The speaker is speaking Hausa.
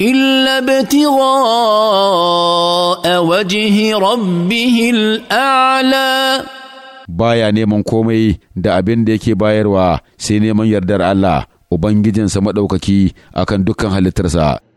إلا ابتغاء وجه ربه الأعلى baya neman komai da abin da yake bayarwa sai neman yardar Allah Ubangijinsa maɗaukaki akan dukkan halittarsa.